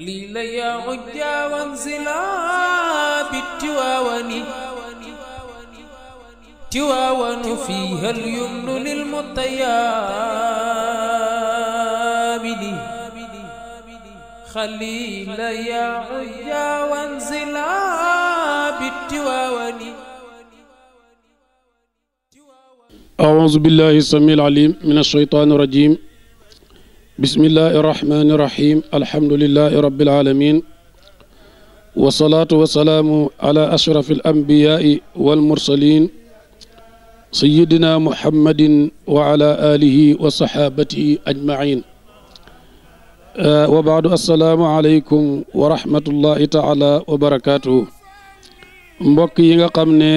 قليل يا عجا وانزلا بالتواون تواون فيها اليمن للمطيامن خليل يا عجا وانزلا بالتواون أعوذ بالله السميع العليم من الشيطان الرجيم بسم الله الرحمن الرحيم الحمد لله رب العالمين والصلاة والسلام على أشرف الأنبياء والمرسلين سيدنا محمد وعلى آله وصحابته أجمعين وبعد السلام عليكم ورحمة الله تعالى وبركاته mbokk yi nga xam ne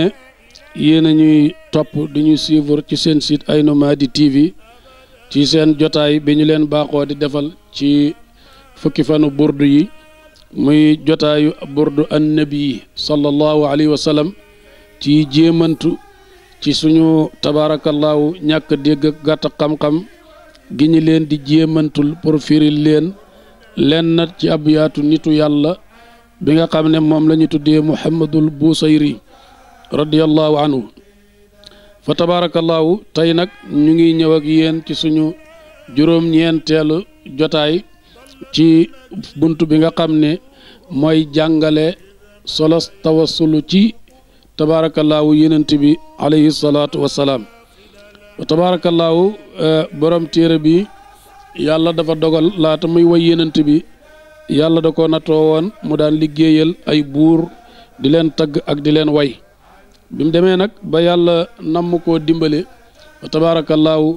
yéen a ñuy topp di ñu suivre ci site TV ci seen jotaay bi ñu leen baaxoo di defal ci fukki fanu burdu yi muy jotaayu burdu annabi sallallahu alayhi wa sallam ci jéemantu ci suñu tabaarakallaahu ñàkk dégg ak gàtt xam-xam gi ñu leen di jéemantul pour firil leen lenn ci abyaatu yaatu nitu yàlla bi nga xam ne moom la ñu tuddee muhammadul busayri radiyallahu anhu fa tabaarakallaahu tey nag ñu ngi ñëw ak yéen ci suñu juróom-ñeenteelu jotaay ci bunt bi nga xam ne mooy jàngale solos tawassulu ci tabaarakallaahu yonent bi alayhi salaatu wassalaam fa tabaarakallaahu eh, borom téere bi yàlla dafa dogal laata muy way yonent bi yàlla da ko nattoo woon mu daan liggéeyal ay buur di leen tagg ak di leen way bi mu demee nag ba yàlla namm koo dimbale ba tabaarakallaahu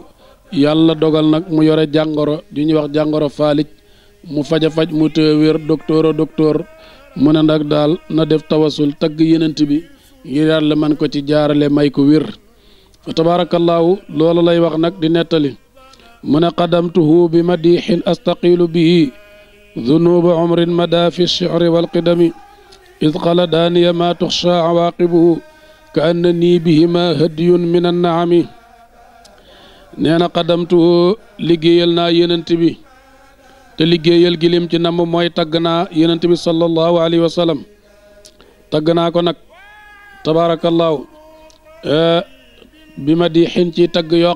yàlla dogal nag mu yore jàngoro ju ñuy wax jàngoro faalij mu faj a faj mu tëye wér docteur a docteur mu ne nag daal na def tawasul tagg yenent bi ngir yàlla man ko ci jaarale may ko wér fa tabaarakallaahu loolu lay wax nag di nettali mu ne qadamtuhu bi madiixin astaqilu bihi dunuuba umrin mada fi lchicri walqidami id daaniya maa tuxsha awaaqibuhu كأنني بهما هدي من النعم نانا قدمتو لجيلنا ينتبي تلجيل جيلم جنمو موي تغنا ينتبي صلى الله عليه وسلم تغنا كونك تبارك الله أه بمديح تي تغ يو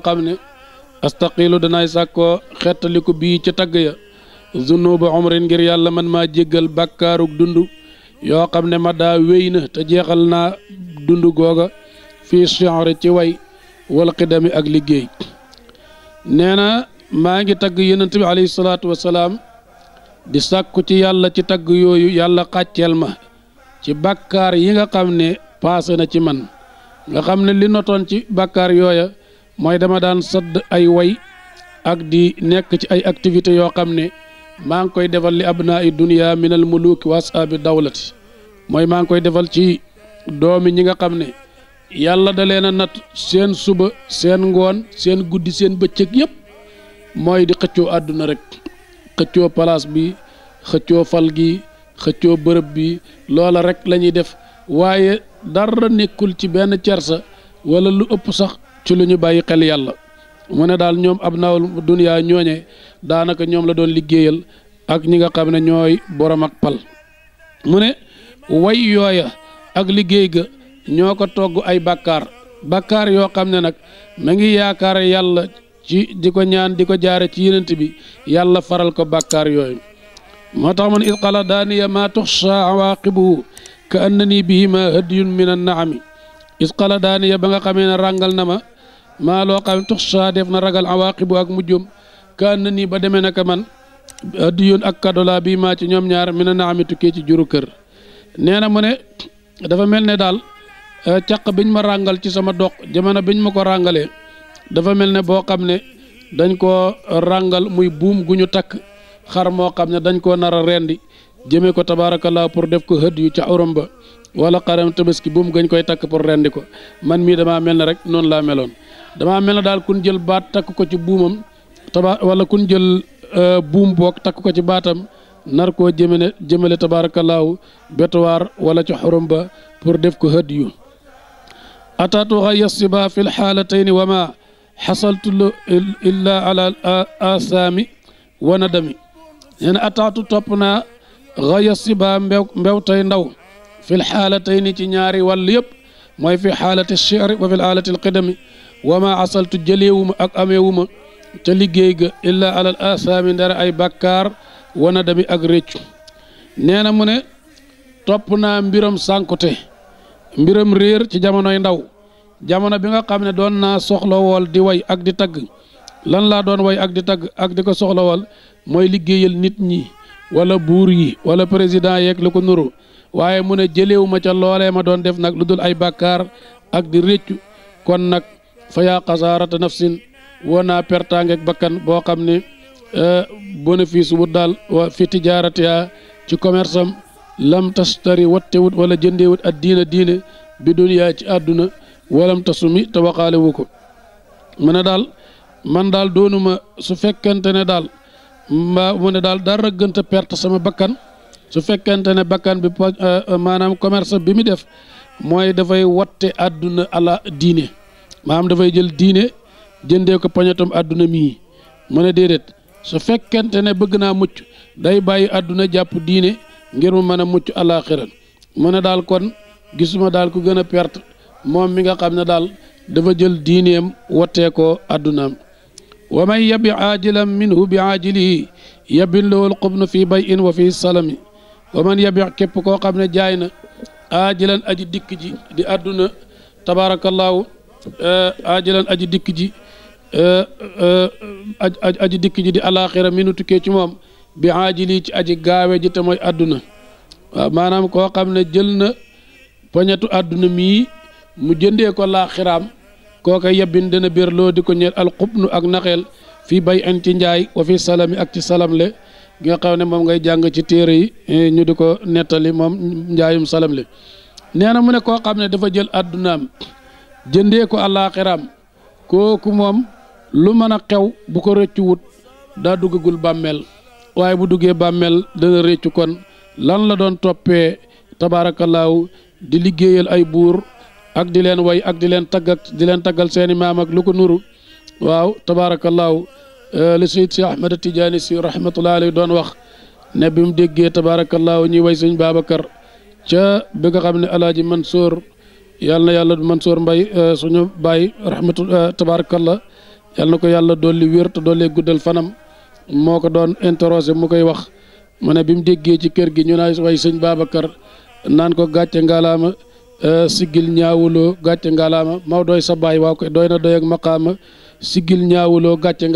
استقيل دناي ساكو خيت ليكو بي تي تغ يا ذنوب عمر غير يالا من ما جيغل بكارك دندو yoo xam ne ma daa wéy na te jeexal naa dund googa fii genre ci way wal xidami ak liggéey nee na maa ngi tagg yonent bi alayhi salaatu wasalaam di sàkku ci yàlla ci tagg yooyu yàlla xàcceel ma ci bàkkaar yi nga xam ne paase na ci man nga xam ne li notoon ci bakkaar yooya mooy dama daan sadd ay way ak di nekk ci ay activités yoo xam ne maa ngi koy defal li abnaa i dunia min al muluki wa asaabi dawlati mooy maa ngi koy defal ci doomi ñi nga xam ne yàlla da leen a natt seen suba seen ngoon seen guddi seen bëccëg yëpp mooy di xëccoo àdduna rek xëccoo palaas bi xëccoo fal gi xëccoo bërëb bi loola rek lañuy def waaye dara nekkul ci benn cersa wala lu ëpp sax ci lu ñu bàyyi xel yàlla mu ne daal ñoom ab naawul duniyaa ñooñe daanaka ñoom la doon liggéeyal ak ñi nga xam ne ñooy borom ak pal mu ne way yooya ak liggéey ga ñoo ko togg ay bàkkaar bàkkaar yoo xam ne nag ma ngi yaakaar yàlla ci di ko ñaan di ko jaare ci yenant bi yàlla faral ko bàkkaar yooyu moo tax man it qala daaniya maa tuxsa awaaqibuhu ka annani bihi ma hadiyun mi an naami it qala daaniya ba nga xamee ne ràngal na ma ma lo xam tux sa def na ragal awaqib ak mujum kan ni ba demé nak man yon ak kadola bi ma ci ñom ñaar min na naami tukkee ci juru kër neena mu ne dafa mel dal eh, ciak biñ ma rangal ci sama dox jamana biñ mako rangalé dafa mel bo xamne ne dañ ko rangal muy boom guñu tak xar mo xamne ne dañ ko nara rendi jëme ko tabarakallah pour def ko hëdd yu ci urum ba wala qaram tabaski boom gañ koy tak pour rendi ko man mi dama melne rek non la melone dama mel dal kun jël bat tak ko ci buumam taba wala kun jël buum bok tak ko ci batam nar ko jëmele jëmele tabarakallah betwar wala ci hurum ba pour def ko hëdd yu atatuha yasiba fi lxaalatayni wa ma illa ala asami wa nadami nee atatu topna topp naa mbew tay ndaw fil halatayn ci ñaari wal yeb moy fi xaalati cheri wa fi laalati alqidami wama asaltu jëleewuma ak ameewuma ca liggéey ga illaa alal asaami ndara ay bàkkaar wana dami ak réccu nee na mu ne topp naa mbiram sànkute mbiram réer ci jamonoy ndaw jamono bi nga xam ne doon naa soxlawool di way ak di tagg lan laa doon way ak di tagg ak di ko soxlawool mooy liggéeyal nit ñi wala buur yi wala président yeeg lu ko nuru waaye mu ne jëleewu ma ca loolee ma doon def nag lu dul ay bàkkaar ak di réccu kon nag fa yaa xasaarata nafsin woo naa bakkan boo xam ne eh, bénéfice wut daal wa fi tijaaratiha ci commerce am lam tastari wattewut wala jëndeewut ak diina diine bi duniyaa ci àdduna walam tasumi te waxaale wu ko mu ne daal man daal doonuma su fekkente ne daal mbaa mu ne daal dara gënta perte sama bakkan su fekkente ne bakkan bi eh, eh, maanaam commerce bi mu def mooy dafay watte àdduna ala diine maam dafay jël diine jëndee ko poñetam àdduna mii mu ne déedéet su fekkente ne bëgg naa mucc day bàyyi àdduna jàpp diine ngir mu mën a mucc àllaaxira mu ne daal kon gisuma daal ku gën a perte moom mi nga xam ne daal dafa jël diineem wattee ko àddunaam wa man yabi aajilan minhu bi aajilihi yabin lawul xubnu fii bay in wa fii salami wa man yabi képp koo xam ne jaay na aajilan aji dikk ji di àdduna tabaarakallaahu aajalan euh, aji dikk ji euh, euh, aji dikk ji di alaaxira mi nu tukkee ci moom bi aajili ci aji gaawe ji te mooy àdduna waaw maanaam koo xam ne jël na poñetu àdduna mii mu jëndee ko laaxiraam kooka yebbin dana biir loo di ko ñeel alxubnu ak naxeel fii bay an ci njaay wa fi salami ak ci salamle gi nga xam ne moom ngay jàng ci téere yi eh, ñu di ko nettali moom njaayum salamle nee na mu ne koo xam ne dafa jël àddunaam jëndee ko àllaaxiraam kooku moom lu mën a xew bu ko rëccu wut daa duggagul bàmmeel waaye bu duggee bàmmeel dana rëccu kon lan la doon toppee tabaarakallaahu di liggéeyal ay buur ak di leen way ak di leen tagg di leen taggal seeni maam ak lu ko nuru waaw tabaarakallaahu eh, li Seydi si Ahmad Tijaani si rahmatullahi alayhi doon wax ne bi mu déggee tabaarakallaahu ñuy way sëñ Babacar ca bi nga xam ne alaaji sóor yàlla na yàlla Mansour Mbaye eh, suñu baay rahmatu eh, tabarakallah yàlla na ko yàlla dolli wér te dolli guddal fanam moo ko doon interrogé moo koy wax mu ne bi mu déggee ci kër gi ñu naa way sëñ Babacar naan ko gàcce ngalaama eh, siggil ñaawuloo gàcce ngalaama Maodo doy sa baay waaw ko doy na doy ak maqaama siggil ñaawuloo gàcce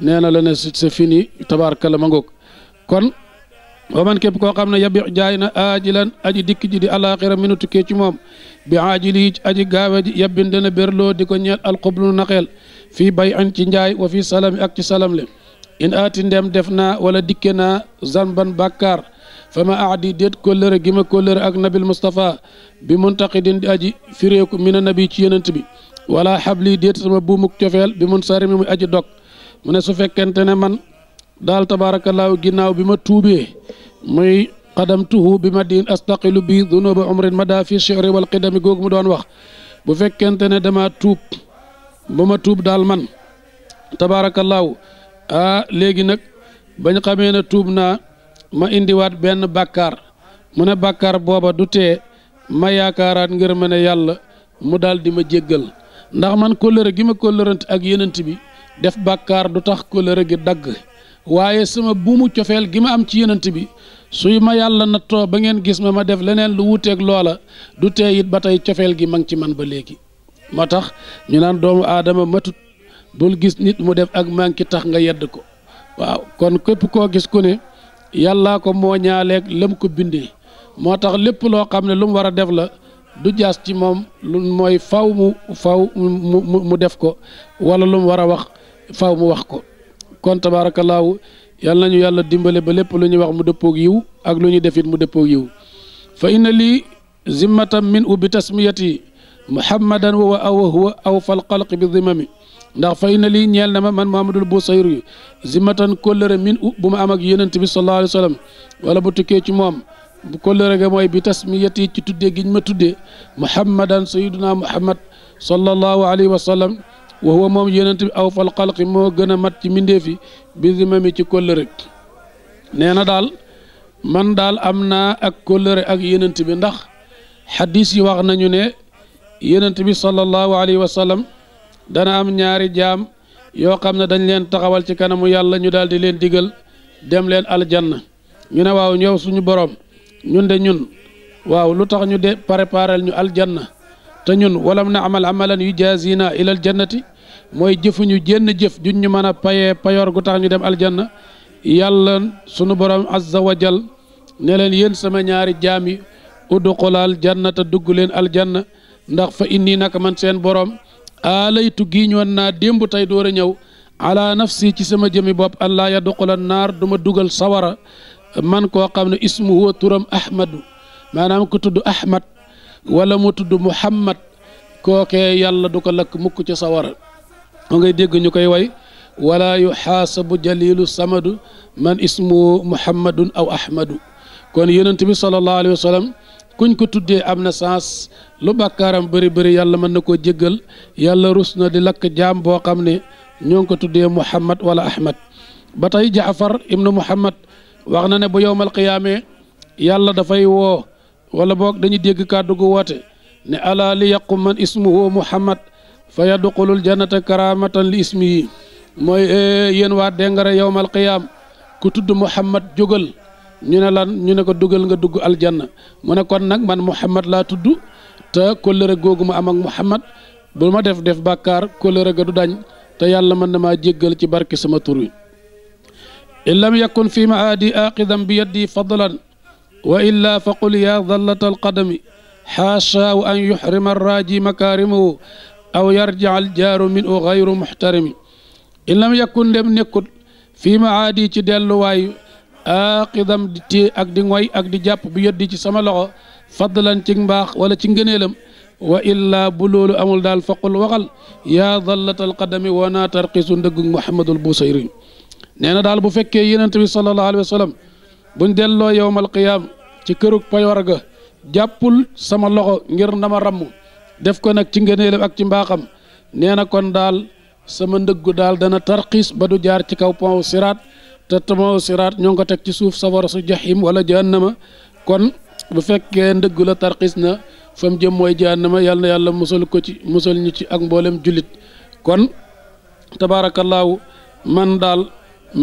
nee na la ne c'est fini tabarakallah ma ngoog kon waman képp koo xam ne yabi jaay na aajilan aji dikk di alaaxira minu tukkee moom bi aajili aji gaawe ji yabbin dana bérloo di ko ñeel alxublu naqeel fii bay an ci njaay wa fii salami ak ci salam le in aati ndem def naa wala dikke naa zanban bàkkaar fa ma aadi déet kóllëre gi ma kóllëre ak nabil mustapha bi muntaqidin di aji firéeku mina nabi ci yenant bi wala xabli déet sama buumuk cofeel bi mun sarimi muy aji dog mu ne su fekkente ne man daal tabaarakallaahu ginnaaw bi ma tuubee muy xadamtuhu bi ma diin astaqilu bi dunuba umrin mada fi cheri wal qidami googu mu doon wax bu fekkente ne dama tuub ba ma tuub daal man law ah léegi nag bañ xamee ne tuub naa ma indiwaat benn bàkkaar mu ne bàkkaar booba du tee ma yaakaaraat ngir ma ne yàlla mu dal di ma jéggal ndax man kóllëre gi ma kóllërant ak yenant bi def bàkkaar du tax kóllëre gi dagg waaye sama buumu cofeel gi ma am ci yenant bi suy ma yàlla nattoo ba ngeen gis ma ma def leneen lu wuuteeg loola du tee ba tey cofeel gi ma ngi ci man ba léegi moo tax ñu naan doomu aadama matut bul gis nit mu def ak manki tax nga yedd ko waaw kon képp koo gis ku ne yàllaa ko moo ñaaleeg lëm ko bindee moo tax lépp loo xam ne lu mu war a def la du jaas ci moom lu mooy faw mu faw mu mu def ko wala lu mu war a wax faw mu wax ko kon tabaarakallaahu yàlla nañu yàlla dimbale ba lépp lu ñuy wax mu dëppoog yiw ak lu ñuy def mu dëppoog yiw fa inna lii zimmatan min u tasmiyati muhammadan wa aw huwa aw fal xalq bi zimami ndax fay na lii ñeel na ma man Muhammadul Busayri zimmatan kóllëre min u bu ma am ak yonent bi sallallahu alayhi wa wala bu tukkee ci moom bu kóllëre ga mooy bi tasmiyati ci tuddee giñ ma tuddee muhammadan sayiduna muhammad sallallahu alayhi wa وهو موم يننت او فالخلق مو غنا مات تي مندفي بزممي تي كولر نينا دال من دال امنا اك كولر اك يننت بي نخ حديث يي واخ نانيو ني يننت بي صلى الله عليه وسلم دانا ام نياري جام يو خامنا دنج لين تخاوال تي كانمو يالا ني دال دي لين ديغل ديم لين الجنه ني نواو نيو سونو بروم نون دي نون واو لوتاخ ني دي بريبارال ني الجنه te ñun walam na amal amalan yu jaazina ilal jannati mooy jëfuñu jenn jëf juñ ñu mën a payee payoor gu tax ñu dem aljanna yàlla sunu borom azza wa jal ne leen yéen sama ñaari jaam yi udxulaal jannata dugg leen aljanna ndax fa inni naka man seen borom aalaytu giiñoon naa démb tey door a ñëw ala nafsi ci sama jëmi bopp allah yadxula naar du ma dugal sawara man koo xam ne ismuhu turam ahmadu maanaam ku tudd ahmad wala mu tudd muhammad kookee yàlla du ko lakk mukk ci sawara moo ngay dégg ñu koy way wala yuxaasabu jalilu samadu man ismu muhammadun aw ahmadu kon yonent bi sallallahu alayhi wa sallam kuñ ko tuddee am na sens lu bàkkaaram bëri bëri yàlla mën na koo jéggal yàlla rus na di lakk jaam boo xam ne ñoo ngi ko tuddee muhammad wala ahmad ba tey jaafar ibnu muhammad wax na ne bu yowmal qiyaamee yàlla dafay woo wala boog dañu dégg kàddu gu woote ne ala li yaqu man ismuhu muhammad fa yadxulul jannata karamatan li ismihi mooy eh, yéen waa Dengare yowmal qiyaam ku tudd muhammad jógal ñu ne lan ñu ne ko dugal nga dugg aljanna mu ne kon nag man muhammad laa tudd te kóllëre googu ma am ak muhammad bu ma def def bàkkaar kóllëre ga du dañ te yàlla mën na maa jéggal ci barki sama tur wi in lam yakun fi maadi aqidan bi yaddi fadlan وإلا فقل يا ظلة القدم حاشا أن يحرم الراجي مكارمه أو يرجع الجار منه غير محترم إن لم يكن لم نكن في معادي تدلواي آقذم دي أكدن واي أكد جاب بيدي تسملغ فضلا تنباخ ولا تنجنلم وإلا بلول أمول دال فقل وغل يا ظلة القدم وانا ترقص دقن محمد البوسيرين نينا دال بفكي ينتبه صلى الله عليه وسلم buñ delloo yowmal qiyaam ci kërug payoor ga jàppul sama loxo ngir ndama ramm def ko nag ci ngëneelam ak ci mbaaxam nee na kon daal sama ndëggu daal dana tarxiis ba du jaar ci kaw pon siraat te pont siraat ñoo ngi ko teg ci suuf safara su jaxim wala jahannama kon bu fekkee ndëggu la tarxiis na fam jëm mooy jahannama yàlla na yàlla musal ko ci musal ñu ci ak mboolem jullit kon tabaarakallaahu man daal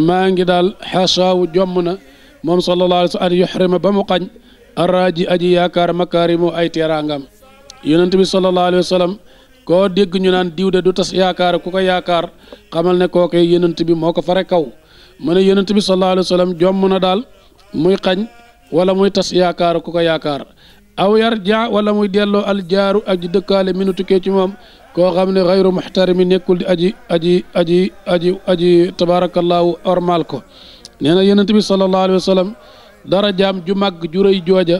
maa ngi daal xasaawu jomm na moom sallallahu alayhi wa sallam yuhrima ba mu xañ araaji aji yaakaar makaarimu ay teraangam yonent bi sallallahu alayhi wa sallam koo dégg ñu naan diw de du tas yaakaar ku ko yaakaar xamal ne koo koy yonent bi moo fare kaw mu yonent bi sallallahu alayhi wa sallam na daal muy xañ wala muy tas yaakaar ku ko yaakaar aw yarja wala muy delloo al jaaru aji dëkkaale minu tukkee ci moom koo xam ne xayru muxtarimi di aji aji aji aji aji tabaarakallaahu ormal ko nee na yonent bi sallallahu alayhi wa sallam darajaam ju màgg ju jooja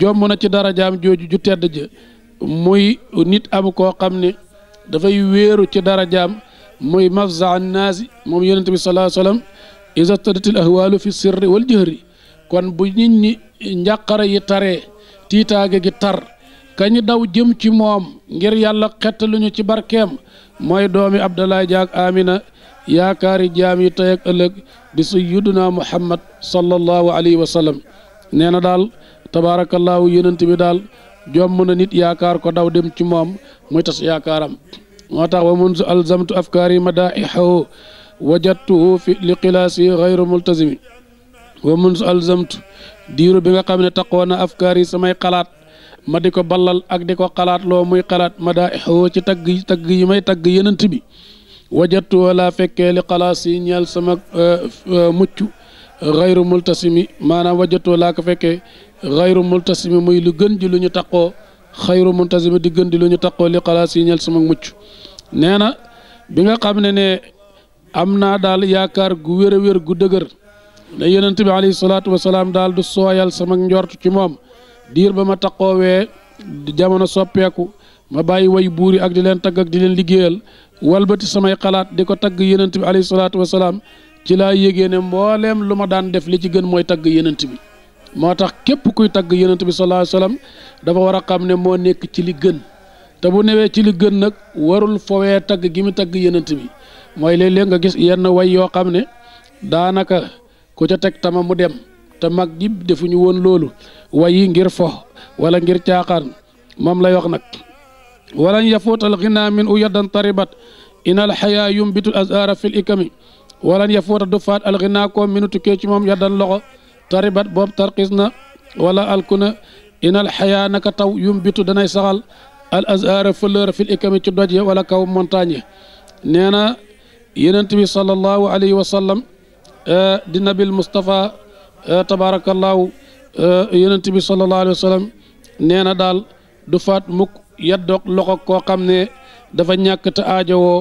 jomb na ci darajaam jooju ju tedd ja muy nit am koo xam ne dafay wéeru ci darajaam muy mafza an moom yonent bi sallallahu alayhi wa sallam iza stadatil ahwaalu fi sirri wal jahri kon bu nit ñi njàqara yi taree tiitaage gi tar kañu daw jëm ci moom ngir yàlla xettaluñu ci barkeem mooy doomi Abdallah Jaag Amina yaakaari jaam yi tey ak ëllëg di naa muhammad sallallahu alayhi wa sallam nee na daal tabaarakallaahu yonent bi daal jomm na nit yaakaar ko daw dem ci moom muy tas yaakaaram moo tax wa munzu alzamtu afkaari madaihahu wajadtuhu fi liqilaasi xayru multazimi wa munzu alzamtu diiru bi nga xam ne taqoo na afkaari samay xalaat ma di ko ballal ak di ko xalaat loo muy xalaat madaihahu ci tagg tagg yi may tagg yonent bi wajatu wala fekkee li xalaas yi ñeel sama euh, euh, mucc xayru multasimi maanaam wajatu laa ko fekkee xayru multasimi muy lu gën ji lu ñu taqoo xayru multasimi di gën di lu ñu taqoo li xalaas yi ñeel sama mucc nee na bi nga xam ne ne am naa daal yaakaar gu wér wér gu dëgër ne yeneen bi alayhi salaatu wasalaam daal du sooyal sama njort ci moom diir ba ma taqoowee jamono soppeeku ma bàyyi way buur yi ak di leen tagg ak di leen liggéeyal walbati samay xalaat di ko tagg yenent bi alayhi salaatu wasalaam ci laa yégée ne mbooleem lu ma daan def li ci gën mooy tagg yenent bi moo tax képp kuy tagg yenent bi sallallahu alayhi wasallam dafa war a xam ne moo nekk ci li gën te bu newee ci li gën nag warul fowee tagg gi mu tagg yenent bi mooy léeg-léeg nga gis yenn way yoo xam ne daanaka ku ca teg tama mu dem te mag ji defuñu woon loolu way yi ngir fo wala ngir caaxaan moom lay wax nag ولن يفوت الغنى من يدا طربت إن الحياة ينبت الأزهار في الإكم ولن يفوت دفات الغنى كوم من تكيش مم يدا لغو طربت بوب ترقصنا ولا الكنا إن الحياة نكتو ينبت دناي سغل الأزهار فلر في الإكم تدوجي ولا كوم مونتاني نينا يننت صلى الله عليه وسلم آه، دي نبي المصطفى آه، تبارك الله bi آه، صلى الله عليه وسلم nee دال دفات مك yaddoog loxo koo xam ne dafa ñàkk te aajowoo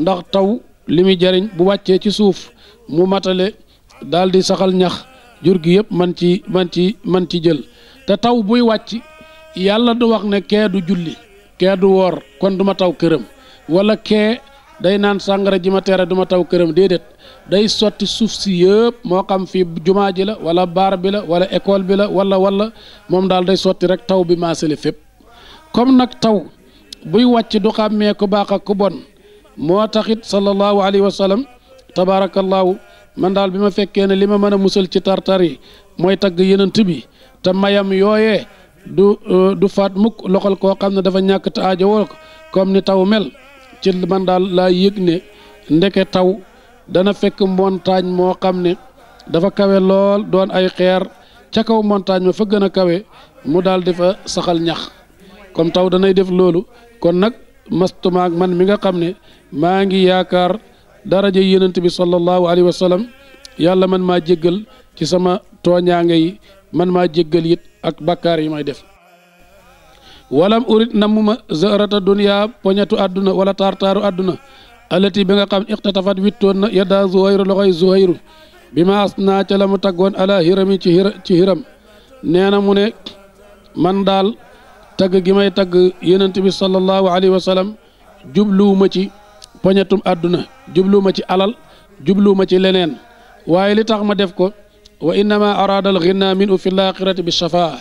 ndax taw li muy jariñ bu wàccee ci suuf mu matale daal di saxal ñax jur gi yëpp man ci man ci man ci jël te taw buy wàcc yàlla du wax ne kee du julli kee du woor kon du ma taw këram wala kee day naan sàngara ji ma tere du taw këram déedéet day sotti suuf si yëpp moo xam fii jumaa ji la wala baar bi la wala école bi la wala wala moom daal day sotti rek taw bi maasale fépp comme nag taw buy wàcc du xàmmee ku baax ku bon moo taxit sallallahu alayhi wa sallam tabaarakallaahu man daal bi ma fekkee ne li ma mën a musal ci tartar yi mooy tagg yenant bi te mayam yooyee du euh, du faat mukk loxol koo xam ne dafa ñàkk te aajo ni taw mel ci man daal laa yëg ne ndeke taw dana fekk montagne moo xam ne dafa kawe lool doon ay xeer ca kaw montagne ma fa gën a kawe mu daal di fa saxal ñax comme taw danay def loolu kon nag mastumaak man mi nga xam ne maa ngi yaakaar daraja yonent bi sallallahu alayhi wa sallam yàlla man maa jéggal ci sama tooñaange yi man maa jéggal yit ak bakkaar yi may def walam urit namuma zarata dunya poñatu àdduna wala taartaaru àdduna alati bi nga xam ixtatafat wittoon na yaddaa zuhayru loxoy zuhayru bi ma as naa ca la mu taggoon ala hirami ci hiram nee na mu ne man daal tagg gi may tagg yonent bi sallallahu alayhi wa sallam jubluwuma ci poñetum àdduna jubluwuma ci alal jubluwuma ci leneen waaye li tax ma def ko wa innama araada al ginna min u fi laaxirati bi shafaa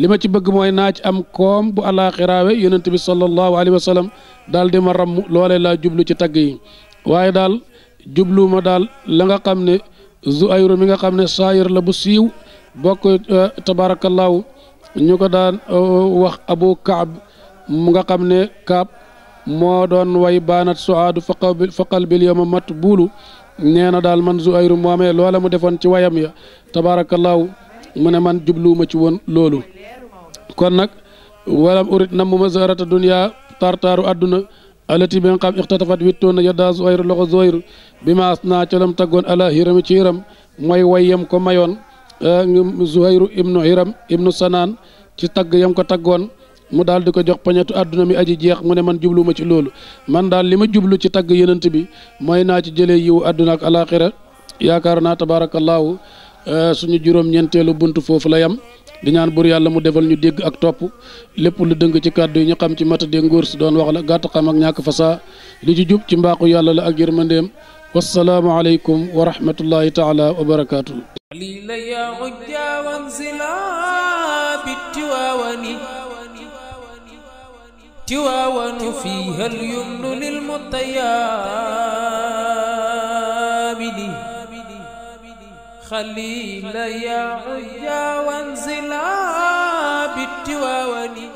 li ma ci bëgg mooy naa ci am koom bu alaaxiraawe yonent bi sallallahu alayhi wa sallam daal di ma ramm loolee laa jublu ci tagg yi waaye daal jubluwuma daal la nga xam ne zu ayru mi nga xam ne saayir la bu siiw bokk eh, tabaarakallaahu ñu ko daan wax abu kaab mu nga xam ne kaab moo doon way baanat suaadu fa qalbil yawma mat buulu nee na daal man Zuhayru moomee loola mu defoon ci wayam ya tabaarakallaahu mu ne man jubluwuma ci woon loolu kon nag walam urit na mu ma zaharata dunia tartaaru àdduna alati bi nga xam ixtatafat wittoon na yaddaa Zuhayru loxo Zuhayru bi maas naa ca lam taggoon ala hiram ci hiram mooy wayam ko mayoon Eh, Zuhayru ibnu Hiram ibnu Sanaan ci tagg yam ko taggoon mu daal di ko jox pañetu àdduna mi aji jeex mu ne man jubluma ci loolu man daal li ma jublu ci tagg yenant bi mooy naa ci jëlee yiwu àdduna ak alaxira yaakaar naa tabaarakallaahu eh, suñu juróom-ñeenteelu bunt foofu la yam di ñaan buur yàlla mu defal ñu dégg ak topp lépp lu dëng ci kàddu yi ñu xam ci matadee ngóor si doon wax la gàtt xam ak ñàkk fasaa li ci jub ci mbaaxu yàlla la ak yërmandeem wasalaamu aleykum wa rahmatullahi taala wa barakaatu. علي يا عجا وانزلا بالتواون تواون فيها اليمن للمطيامن خليل يا عجا وانزلا بالتواون